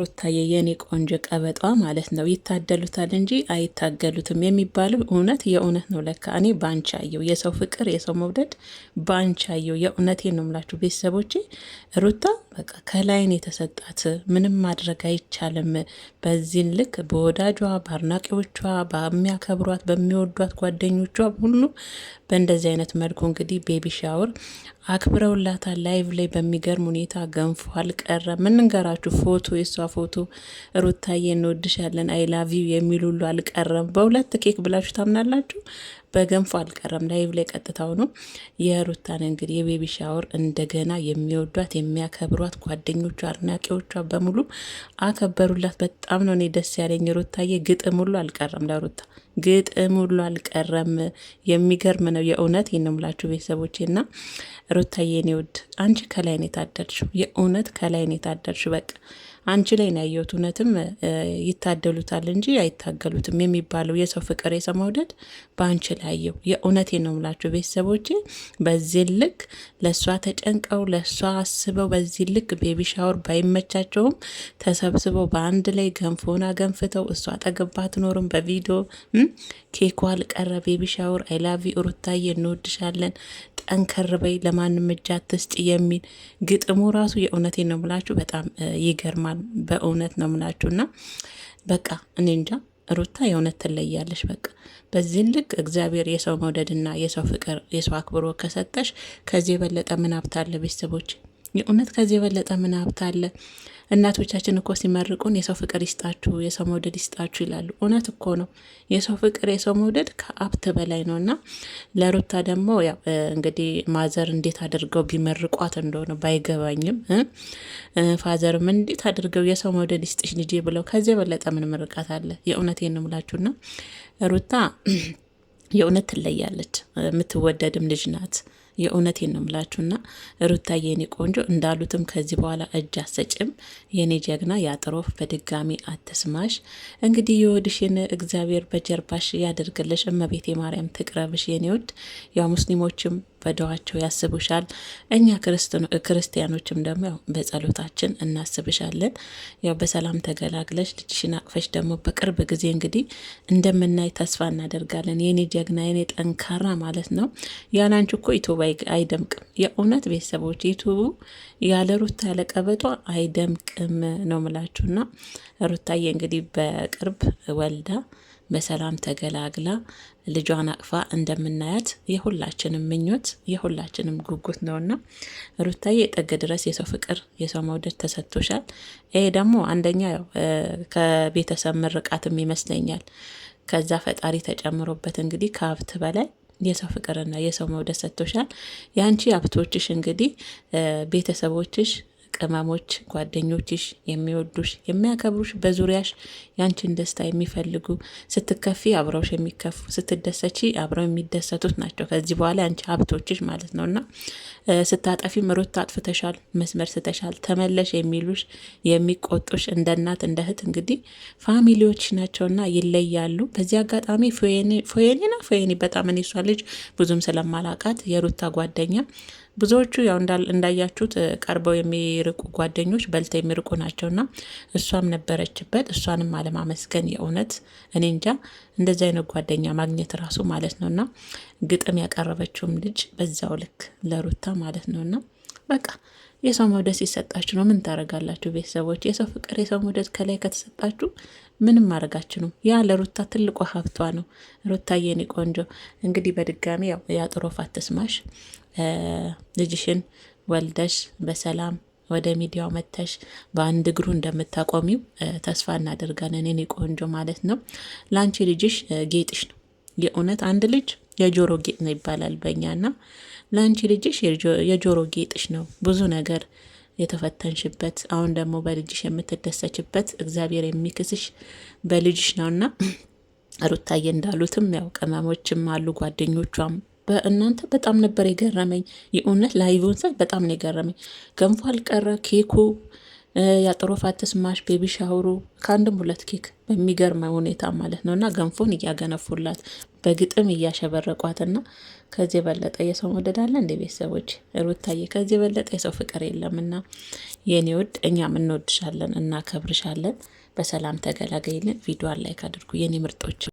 ሩታዬ የኔ ቆንጆ ቀበጧ ማለት ነው። ይታደሉታል እንጂ አይታገሉትም የሚባለው እውነት የእውነት ነው። ለካ እኔ ባንቻየው የሰው ፍቅር የሰው መውደድ ባንቻየው የእውነቴ ነው የምላችሁ ቤተሰቦቼ ሩታ በቃ ከላይን የተሰጣት ምንም ማድረግ አይቻልም። በዚህን ልክ በወዳጇ በአድናቂዎቿ፣ በሚያከብሯት በሚወዷት ጓደኞቿ ሁሉ በእንደዚህ አይነት መልኩ እንግዲህ ቤቢ ሻወር አክብረውላታ ላይቭ ላይ በሚገርም ሁኔታ ገንፎ አልቀረ። ምንንገራችሁ ፎቶ የእሷ ፎቶ ሩታዬ እንወድሻለን አይላቪው የሚሉሉ አልቀረም። በሁለት ኬክ ብላችሁ ታምናላችሁ? በገንፎ አልቀረም። ላይቭ ላይ ቀጥታው ነው የሩታን እንግዲህ የቤቢ ሻወር እንደገና የሚወዷት የሚያከብሯት ጓደኞቿ፣ አድናቂዎቿ በሙሉ አከበሩላት። በጣም ነው እኔ ደስ ያለኝ። ሩታዬ ግጥም ሁሉ አልቀረም ለሩታ ግጥም ሁሉ አልቀረም። የሚገርም ነው የእውነት ይህን ምላችሁ ቤተሰቦቼ ና ሩታዬ፣ እኔ ውድ አንቺ ከላይ ነው የታደርሽው። የእውነት ከላይ ነው የታደርሽ። በቃ አንቺ ላይ ነው ያየሁት። እውነትም ይታደሉታል እንጂ አይታገሉትም የሚባለው የሰው ፍቅር፣ የሰው መውደድ በአንቺ ላይ አየሁ። የእውነት ነው የምላችሁ ቤተሰቦቼ። በዚህ ልክ ለእሷ ተጨንቀው ለእሷ አስበው በዚህ ልክ ቤቢ ሻወር ባይመቻቸውም ተሰብስበው በአንድ ላይ ገንፎና ገንፍተው እሷ አጠገባ ኖርም በቪዲዮ ኬኳ አልቀረ ቤቢ ሻወር አይላቪ ሩታዬ እንወድሻለን ጠንከር በይ ለማንም እጅ አትስጭ የሚል ግጥሙ ራሱ የእውነቴ ነው ምላችሁ በጣም ይገርማል። በእውነት ነው ምላችሁ እና በቃ እኔ እንጃ ሩታ የእውነት ትለያለሽ። በቃ በዚህን ልክ እግዚአብሔር የሰው መውደድና የሰው ፍቅር የሰው አክብሮ ከሰጠሽ ከዚህ የበለጠ ምን ሀብት አለ ቤተሰቦች? የእውነት ከዚህ የበለጠ ምን ሀብት አለ? እናቶቻችን እኮ ሲመርቁን የሰው ፍቅር ይስጣችሁ፣ የሰው መውደድ ይስጣችሁ ይላሉ። እውነት እኮ ነው። የሰው ፍቅር፣ የሰው መውደድ ከሀብት በላይ ነው እና ለሩታ ደግሞ እንግዲህ ማዘር እንዴት አድርገው ቢመርቋት እንደሆነ ባይገባኝም ፋዘርም እንዴት አድርገው የሰው መውደድ ይስጥሽ ልጄ ብለው ከዚህ የበለጠ ምን ምርቃት አለ? የእውነት የንምላችሁና ሩታ የእውነት ትለያለች። የምትወደድም ልጅ ናት። የእውነቴን ነው ምላችሁና ሩታ የኔ ቆንጆ እንዳሉትም ከዚህ በኋላ እጅ አሰጭም የኔ ጀግና ያጥሮፍ በድጋሚ አትስማሽ። እንግዲህ የወድሽን እግዚአብሔር በጀርባሽ ያደርግልሽ። እመቤቴ ማርያም ትቅረብሽ የኔ ውድ ያው ሙስሊሞችም በደዋቸው ያስቡሻል። እኛ ክርስቲያኖችም ደግሞ ያው በጸሎታችን እናስብሻለን። ያው በሰላም ተገላግለሽ ልጅሽን አቅፈሽ ደግሞ በቅርብ ጊዜ እንግዲህ እንደምናይ ተስፋ እናደርጋለን። የኔ ጀግና የኔ ጠንካራ ማለት ነው። ያላንቺ እኮ ዩቱብ አይደምቅም። የእውነት ቤተሰቦች ዩቱቡ ያለ ሩታ ያለ ቀበጧ አይደምቅም ነው ምላችሁና ሩታዬ እንግዲህ በቅርብ ወልዳ በሰላም ተገላግላ ልጇን አቅፋ እንደምናያት የሁላችንም ምኞት የሁላችንም ጉጉት ነውና ሩታዬ ጥግ ድረስ የሰው ፍቅር የሰው መውደድ ተሰጥቶሻል። ይሄ ደግሞ አንደኛ ከቤተሰብ ምርቃትም ይመስለኛል። ከዛ ፈጣሪ ተጨምሮበት እንግዲህ ከሀብት በላይ የሰው ፍቅርና የሰው መውደድ ሰጥቶሻል። የአንቺ ሀብቶችሽ እንግዲህ ቤተሰቦችሽ ቅመሞች፣ ጓደኞችሽ፣ የሚወዱሽ የሚያከብሩሽ፣ በዙሪያሽ ያንቺን ደስታ የሚፈልጉ ስትከፊ አብረውሽ የሚከፉ ስትደሰቺ አብረው የሚደሰቱት ናቸው። ከዚህ በኋላ ያንቺ ሀብቶችሽ ማለት ነው እና ስታጠፊም ሩት አጥፍተሻል፣ መስመር ስተሻል፣ ተመለሽ የሚሉሽ የሚቆጡሽ እንደ እናት እንደ እህት እንግዲህ ፋሚሊዎች ናቸውና ይለያሉ። በዚህ አጋጣሚ ፎየኒና ፎየኒ በጣም እኔ እሷ ልጅ ብዙም ስለማላቃት የሩታ ጓደኛ ብዙዎቹ ያው እንዳያችሁት ቀርበው የሚርቁ ጓደኞች በልተው የሚርቁ ናቸውና እሷም ነበረችበት። እሷንም አለማመስገን የእውነት እኔ እንጃ እንደዚህ አይነት ጓደኛ ማግኘት ራሱ ማለት ነውና ግጥም ያቀረበችውም ልጅ በዛው ልክ ለሩታ ማለት ነው እና በቃ የሰው መውደስ ይሰጣችሁ ነው ምን ታደርጋላችሁ? ቤተሰቦች የሰው ፍቅር የሰው መውደስ ከላይ ከተሰጣችሁ ምንም ማድረጋችሁ ያ ለሩታ ትልቋ ሀብቷ ነው። ሩታ የኔ ቆንጆ እንግዲህ በድጋሚ የአጥሮፍ ተስማሽ ልጅሽን ወልደሽ በሰላም ወደ ሚዲያው መተሽ በአንድ እግሩ እንደምታቆሚው ተስፋ እናደርጋለን። የኔ ቆንጆ ማለት ነው። ለአንቺ ልጅሽ ጌጥሽ ነው። የእውነት አንድ ልጅ የጆሮ ጌጥ ነው ይባላል በእኛ እና ለአንቺ ልጅሽ የጆሮ ጌጥሽ ነው ብዙ ነገር የተፈተንሽበት አሁን ደግሞ በልጅሽ የምትደሰችበት እግዚአብሔር የሚክስሽ በልጅሽ ነውና ሩታዬ እንዳሉትም ያው ቅመሞችም አሉ ጓደኞቿም በእናንተ በጣም ነበር የገረመኝ። የእውነት ላይቭን ሰት በጣም ነው የገረመኝ። ገንፎ አልቀረ ኬኩ፣ የአጥሮ ፋት ስማሽ፣ ቤቢ ሻውሩ ከአንድም ሁለት ኬክ በሚገርመ ሁኔታ ማለት ነው እና ገንፎን እያገነፉላት በግጥም እያሸበረቋትና ከዚህ የበለጠ የሰው መውደድ አለ እንደ ቤተሰቦች ሩታዬ፣ ከዚህ የበለጠ የሰው ፍቅር የለምና የኔ ውድ እኛም እንወድሻለን፣ እናከብርሻለን። በሰላም ተገላገይልን። ቪዲዮ ላይክ አድርጉ የኔ ምርጦች።